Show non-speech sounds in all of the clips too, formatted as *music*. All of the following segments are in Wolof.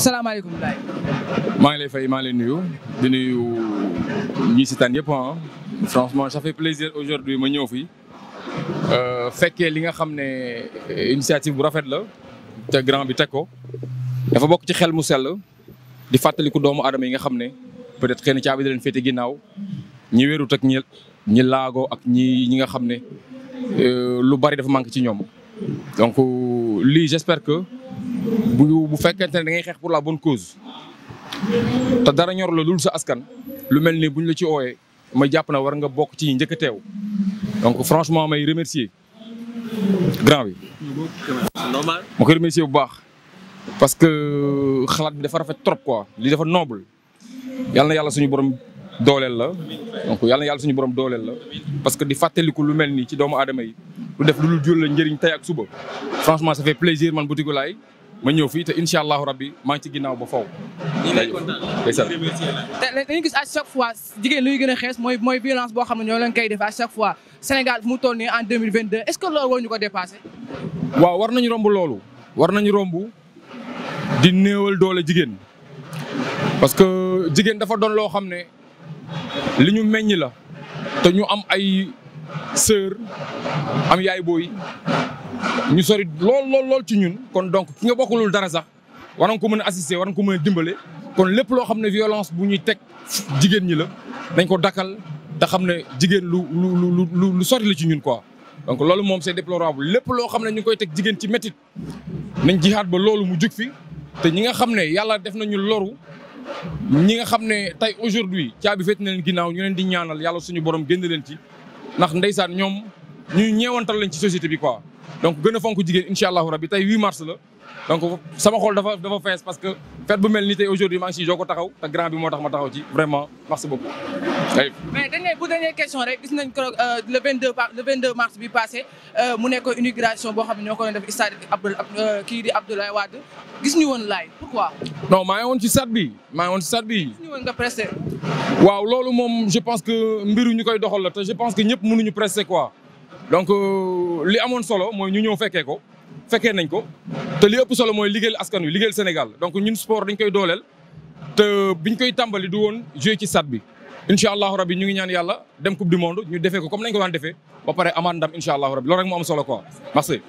salaamaaleykum. maa ngi lay fay maa leen lay nuyu di nuyu ñi si tànn yëpp ah sa ça fait plaisir aujourd'hui ma ñëw fii euh, fekkee li nga xam ne euh, initiative bu rafet la te grand bi teg ko dafa bokk ci xel mu sell di fàttaliku doomu aadama yi nga xam ne peut-être xëy na caabi da leen féete ginnaaw ñi wérut ak ñi ñi laago ak ñi ñi nga xam ne euh, lu bari dafa manqué ci ñoom donc lii j'espère que. bu bu fekkente ne da ngay xeex pour la bon cause te dara ñor la lul sa askan lu mel ni buñ la ci ooyee ma jàpp na war nga bokk ci njëkk teew donc franchement may remercier grand bi. ma ko remercier bu baax. parce que xalaat bi dafa rafet trop quoi li dafa noble yal yàlla suñu borom dooleel la donc yal yàlla suñu borom dooleel la parce que di fàttaliku lu mel nii ci doomu adama yi lu def lu dul jur la njëriñ tey ak suba franchement ça fait plaisir man Boutique ma ñëw fii te incha allahu rabbi maa ngi ci ginnaaw ba faw te dañu gis à chaque fois jigéen luy gën a xees mooy mooy violence boo xam ne ñoo leen koy def à chaque fois Sénégal mu toll nii en 2022 est ce que loolu war ñu ko dépassé waaw war nañu romb loolu war nañu romb di néewal doole jigéen parce que jigéen dafa doon loo xam ne li ñu meññ la te ñu am ay sœur am yaay booy ñu sori lool lool lool ci ñun kon donc ki nga bokkulul dara sax war nga ko mën a assister war nga ko mën a dimbale kon lépp loo xam ne violence bu ñuy teg jigéen ñi la dañ ko dakkal te xam ne jigéen lu lu lu lu la ci ñun quoi. donc loolu moom c'est déplorable lépp loo xam ne ñu koy teg jigéen ci métit nañ jihaat ba loolu mu jig fi te ñi nga xam ne yàlla def nañu loru ñi nga xam ne tey aujourd'hui caabi féet na leen ginnaaw ñu leen di ñaanal yàlla suñu borom génn leen ci ndax ndeysaan ñoom. ñuy ñeewantal lañ ci société bi quoi donc gën a fonk jigéen incha allahu rabi tey 8 mars la donc sama xol dafa fees parce que fête bu mel ni tey aujourd'hui maa ngi siy joko taxaw te grand bi moo tax ma taxaw ci vraiment gis nañ ko euh, le 22 le 22 mars bi euh, mu nekk inauguration boo xam ne ñoo ko doon def stade Abdoul euh, kii di Abdoulaye gis ñu woon laay pourquoi. non maa ngi woon ci stade bi maa ngi woon ci stade bi. waaw loolu moom je pense que mbiru ñu koy doxal la te je pense que ñëpp mënuñu pressé quoi. donc euh, li amoon solo mooy ñu ñëw fekkee ko fekkee nañ ko te li ëpp solo mooy liggéeyal askan wi liggéeyal Sénégal donc ñu sport dañ koy dooleel te biñ koy tàmbali du woon joué ci stade bi. incha allahu rabi ñu ngi ñaan yàlla dem coupe du monde ñu defee ko comme nañ ko daan defee ba pare amaat ndam incha allahu rabi loolu rek moo am solo quoi merci.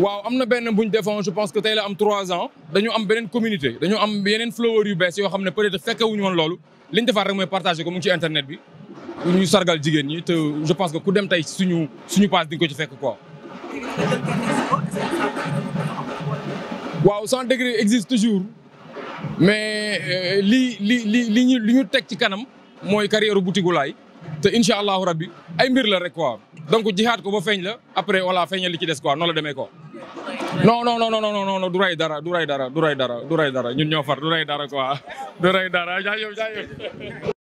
waaw am na benn bu ñu defoon je pense que tey la am trois ans dañu am beneen communauté dañu am yeneen flowers yu bees yoo xam ne peut-être fekke wuñu woon loolu li ñu defaat rek mooy partagé ko mu ci internet bi ñu sargal jigéen ñi te je pense que ku dem tey suñu suñu page di ko ci fekk quoi. waaw Sans Degré existe toujours mais euh, li li li li ñu li ñu teg ci kanam mooy carrière Boutigou Laye te incha allahu rabbi ay mbir la rek quoi donc jihaat ko ba feeñ la après voilà feeñal li ci des quoi noonu la demee quoi. non non non non non du ray dara du ray dara du ray dara du ray dara ñun ñoo far du ray dara quoi *laughs* du ray dara jaajëf jaajëf